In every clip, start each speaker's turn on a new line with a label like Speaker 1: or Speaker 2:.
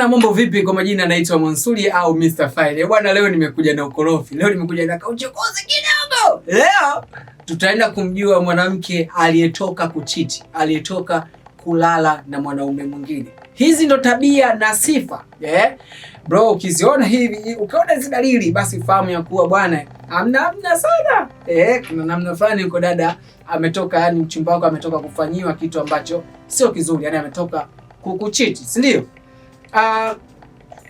Speaker 1: Bwana mambo vipi? Kwa majina naitwa Mansuri au Mr. File. Bwana leo nimekuja na ukorofi. Leo nimekuja na kauchokozi kidogo. Leo tutaenda kumjua mwanamke aliyetoka kuchiti, aliyetoka kulala na mwanaume mwingine. Hizi ndo tabia na sifa yeah. Bro, ukiziona hivi, ukiona hizi dalili, basi fahamu ya kuwa bwana amna amna sana yeah. Kuna namna fulani uko dada ametoka, yani mchumba wako ametoka kufanyiwa kitu ambacho sio kizuri, yani ametoka kukuchiti, si ndio? uh,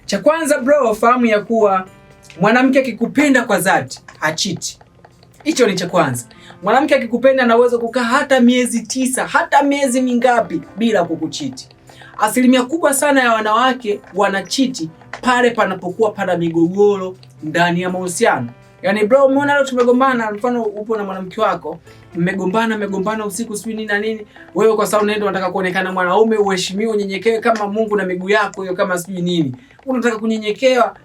Speaker 1: cha kwanza bro, fahamu ya kuwa mwanamke akikupenda kwa dhati hachiti. Hicho ni cha kwanza. Mwanamke akikupenda anaweza kukaa hata miezi tisa hata miezi mingapi bila kukuchiti. Asilimia kubwa sana ya wanawake wanachiti pale panapokuwa pana migogoro ndani ya mahusiano. Yaani bro, umeona leo tumegombana, mfano upo na mwanamke wako, mmegombana mmegombana usiku sijui nini na nini. Wewe kwa sababu unaenda unataka kuonekana mwanaume uheshimiwe, unyenyekewe kama Mungu na miguu yako hiyo kama sijui nini. Unataka kunyenyekewa.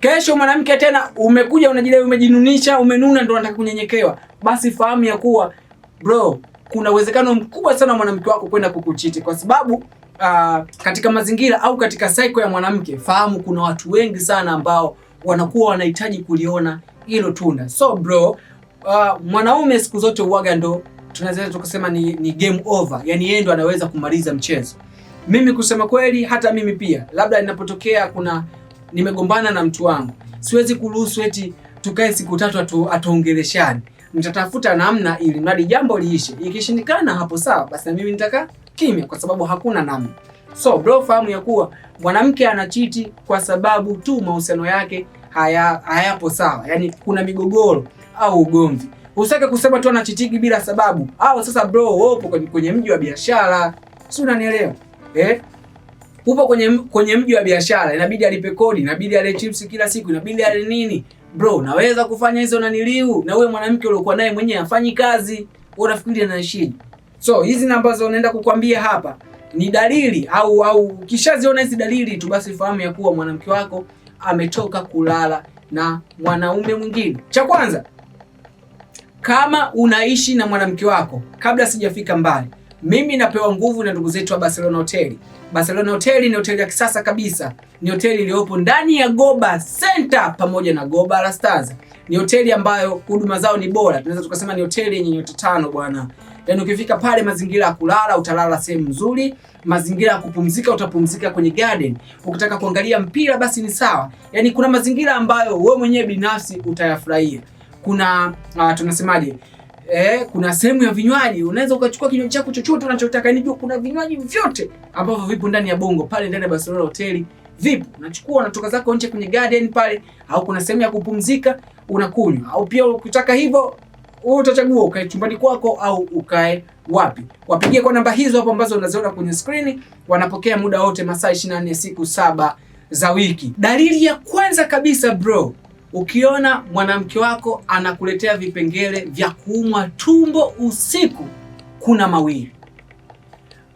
Speaker 1: Kesho mwanamke tena umekuja unajidai umejinunisha, umenuna ndio unataka kunyenyekewa. Basi fahamu ya kuwa bro, kuna uwezekano mkubwa sana mwanamke wako kwenda kukuchiti kwa sababu uh, katika mazingira au katika cycle ya mwanamke, fahamu kuna watu wengi sana ambao wanakuwa wanahitaji kuliona hilo tunda. So bro, uh, mwanaume siku zote uwaga ndo tunaweza tukasema ni, ni game over, yani yeye ndo anaweza kumaliza mchezo. Mimi kusema kweli, hata mimi pia labda inapotokea kuna nimegombana na mtu wangu, siwezi kuruhusu eti tukae siku tatu atuongeleshani nitatafuta namna ili mradi jambo liishe. Ikishindikana hapo sawa, basi na mimi nitakaa kimya, kwa sababu hakuna namna. So bro, fahamu ya kuwa mwanamke anachiti kwa sababu tu mahusiano yake haya hayapo sawa, yaani kuna migogoro au ugomvi. Usitake kusema tu anachitiki bila sababu, au sasa bro, upo kwenye mji wa biashara, si unanielewa eh? Upo kwenye kwenye mji wa biashara, inabidi alipe kodi, inabidi ale chips kila siku, inabidi ale nini bro, naweza kufanya hizo naniliu na uwe mwanamke uliokuwa naye mwenyewe afanyi kazi, wewe unafikiri anaishije? So hizi namba zao naenda kukwambia hapa ni dalili au au kishaziona hizi dalili tu, basi fahamu ya kuwa mwanamke wako ametoka kulala na mwanaume mwingine. Cha kwanza, kama unaishi na mwanamke wako, kabla sijafika mbali, mimi napewa nguvu na ndugu zetu wa Barcelona Hoteli. Barcelona Hoteli ni hoteli ya kisasa kabisa, ni hoteli iliyopo ndani ya Goba Center pamoja na Goba la Stars. Ni hoteli ambayo huduma zao ni bora, tunaweza tukasema ni hoteli yenye nyota tano bwana. Yaani ukifika pale, mazingira ya kulala utalala sehemu nzuri, mazingira ya kupumzika utapumzika kwenye garden, ukitaka kuangalia mpira basi ni sawa. Yaani kuna mazingira ambayo wewe mwenyewe binafsi utayafurahia. Kuna uh, tunasemaje Eh, kuna sehemu ya vinywaji, unaweza ukachukua kinywaji chako chochote unachotaka. Yani kuna vinywaji vyote ambavyo vipo ndani ya Bongo pale ndani ya Barcelona hoteli vipo, unachukua unatoka zako nje kwenye garden pale, au kuna sehemu ya kupumzika unakunywa, au pia ukitaka hivyo wewe utachagua ukae chumbani kwako au ukae wapi. Wapigie kwa namba hizo hapo ambazo unaziona kwenye skrini, wanapokea muda wote, masaa 24 siku saba za wiki. Dalili ya kwanza kabisa bro, ukiona mwanamke wako anakuletea vipengele vya kuumwa tumbo usiku, kuna mawili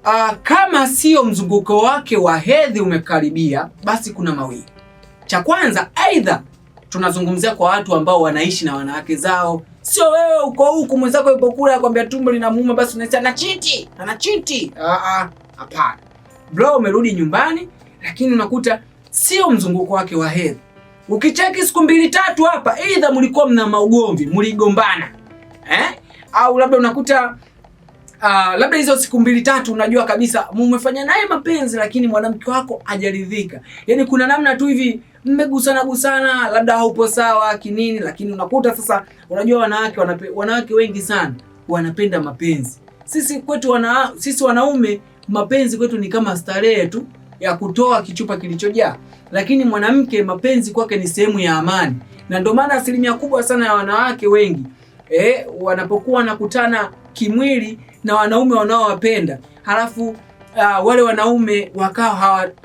Speaker 1: Uh, kama sio mzunguko wake wa hedhi umekaribia, basi kuna mawili. Cha kwanza, aidha tunazungumzia kwa watu ambao wanaishi na wanawake zao Sio wewe uko huku mwenzako yuko kule akwambia tumbo linamuuma, basi unaita na chinti ana chiti. Ah, ah, hapana bro, umerudi nyumbani, lakini unakuta sio mzunguko wake wa hedhi. Ukicheki siku mbili tatu hapa, aidha mlikuwa mna maugomvi, mligombana eh, au labda unakuta uh, labda hizo siku mbili tatu, unajua kabisa mumefanya naye mapenzi, lakini mwanamke wako hajaridhika. Yaani kuna namna tu hivi mmegusana gusana, labda haupo sawa kinini, lakini unakuta sasa, unajua wanawake wanape, wanawake wengi sana wanapenda mapenzi. Sisi kwetu wana, sisi wanaume mapenzi kwetu ni kama starehe tu ya kutoa kichupa kilichojaa, lakini mwanamke mapenzi kwake ni sehemu ya amani, na ndio maana asilimia kubwa sana ya wanawake wengi eh, wanapokuwa wanakutana kimwili na wanaume wanaowapenda, halafu uh, wale wanaume wakawa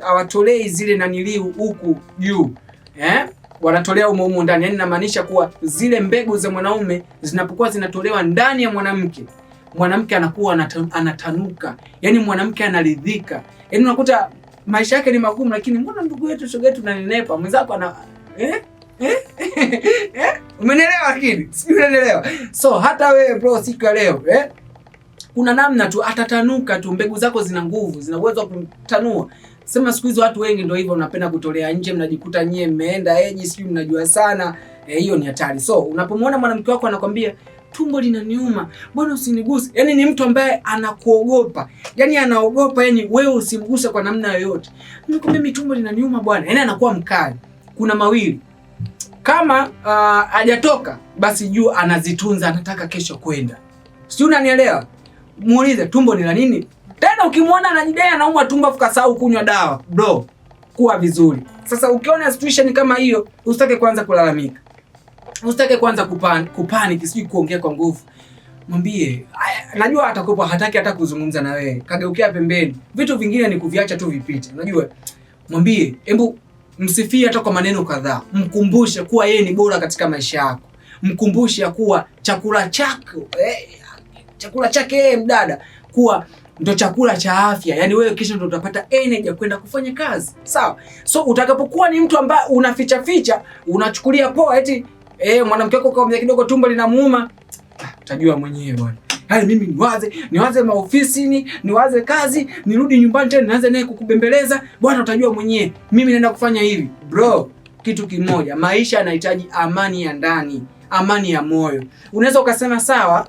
Speaker 1: hawatolei zile naniliu huku juu eh? wanatolea umo humo ndani, yaani inamaanisha kuwa zile mbegu za mwanaume zinapokuwa zinatolewa ndani ya mwanamke, mwanamke anakuwa anatanuka, yaani mwanamke anaridhika, yaani unakuta maisha yake ni magumu, lakini mbona ndugu yetu shoga yetu nanenepa mwenzako ana eh? Eh? eh? Umenielewa lakini? Sijui unanielewa. So hata wewe bro siku ya leo eh? Kuna namna tu atatanuka tu, mbegu zako zina nguvu, zina uwezo wa kumtanua. Sema siku hizo watu wengi ndio hivyo, mnapenda kutolea nje, mnajikuta nyie mmeenda eji, sijui mnajua sana eh, hiyo eh, ni hatari. So unapomwona mwanamke wako anakwambia tumbo linaniuma, bwana usiniguse, yaani ni mtu ambaye anakuogopa, yaani anaogopa, yani wewe usimguse kwa namna yoyote. Nikwambia mimi tumbo linaniuma bwana, yaani anakuwa mkali. Kuna mawili kama uh, hajatoka basi juu anazitunza, anataka kesho kwenda, sijui unanielewa. Muulize tumbo ni la nini. Tena ukimwona anajidai anaumwa tumbo afu kasahau kunywa dawa, bro, kuwa vizuri. Sasa ukiona situation kama hiyo, usitake kwanza kulalamika, usitake kwanza kupan, kupaniki, sijui kuongea kwa nguvu. Mwambie najua atakopa, hataki hata kuzungumza na wewe, kageukea pembeni. Vitu vingine ni kuviacha tu vipite, unajua. Mwambie hebu Msifie hata kwa maneno kadhaa, mkumbushe kuwa yeye ni bora katika maisha yako, mkumbushe kuwa chakula chako eh, chakula chake yeye mdada kuwa ndo chakula cha afya, yani wewe kisha ndo utapata energy ya kwenda kufanya kazi, sawa? So utakapokuwa ni mtu ambaye unaficha ficha, unachukulia poa eti eh, mwanamke wako kaumia kidogo, tumbo linamuuma, ah, utajua mwenyewe bwana yaani mimi niwaze niwaze maofisini niwaze kazi, nirudi nyumbani tena nianze naye kukubembeleza, bwana, utajua mwenyewe mimi naenda kufanya hivi. Bro, kitu kimoja, maisha yanahitaji amani ya ndani, amani ya moyo. Unaweza ukasema sawa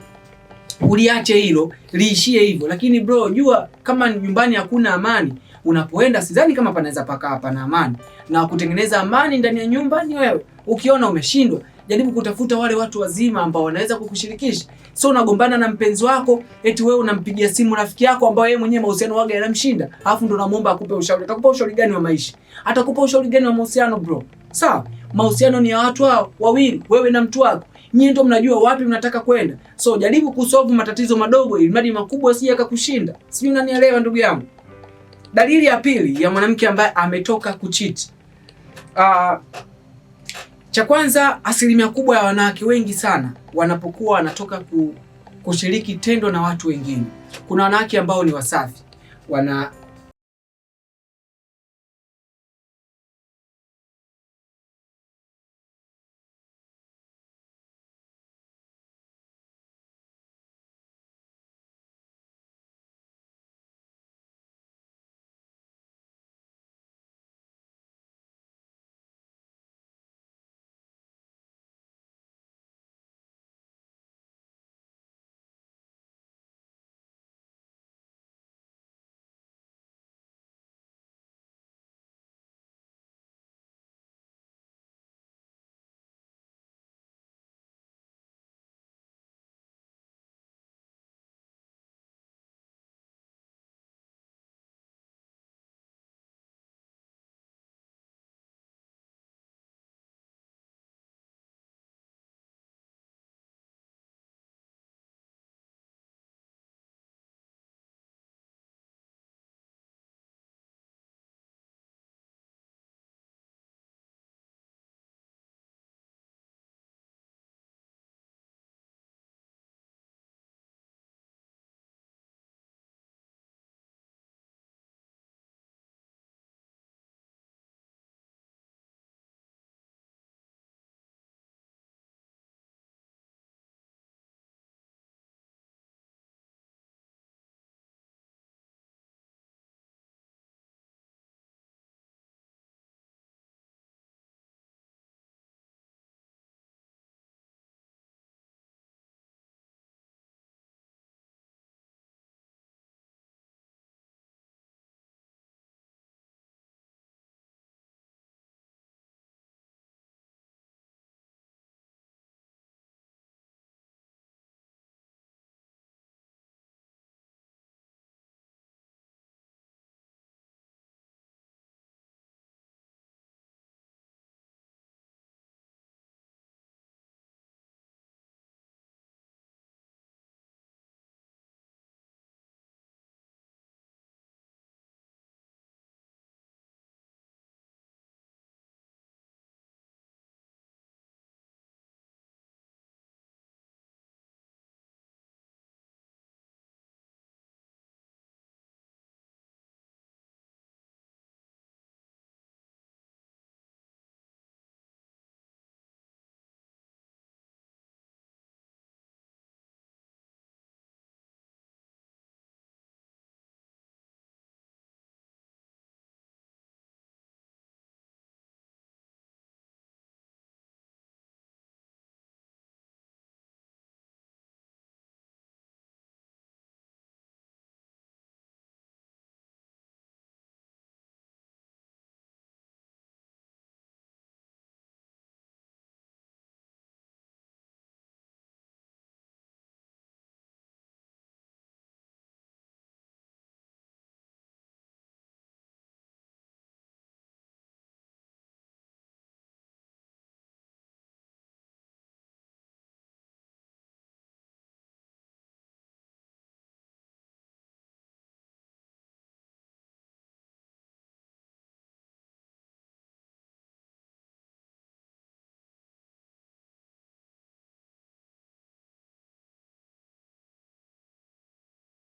Speaker 1: uliache hilo liishie hivyo, lakini bro, jua kama nyumbani hakuna amani, unapoenda sidhani kama panaweza pakawa pana amani. Na kutengeneza amani ndani ya nyumba ni wewe. Ukiona umeshindwa, jaribu kutafuta wale watu wazima ambao wanaweza kukushirikisha. So unagombana na mpenzi wako eti wewe unampigia simu rafiki yako ambao yeye mwenyewe mahusiano waga yanamshinda, alafu ndo unamwomba akupe ushauri. Atakupa ushauri gani wa maisha? Atakupa ushauri gani wa mahusiano bro? Sawa, mahusiano ni ya watu hao wawili, wewe na mtu wako. Nyinyi ndio mnajua wapi mnataka kwenda. So jaribu kusolve matatizo madogo ili mradi makubwa sije akakushinda. Sijui unanielewa ndugu yangu. Dalili ya pili ya mwanamke ambaye ametoka kuchiti. Uh, ah, cha kwanza, asilimia kubwa ya wanawake wengi sana wanapokuwa wanatoka kushiriki tendo na watu wengine, kuna wanawake ambao ni wasafi, wana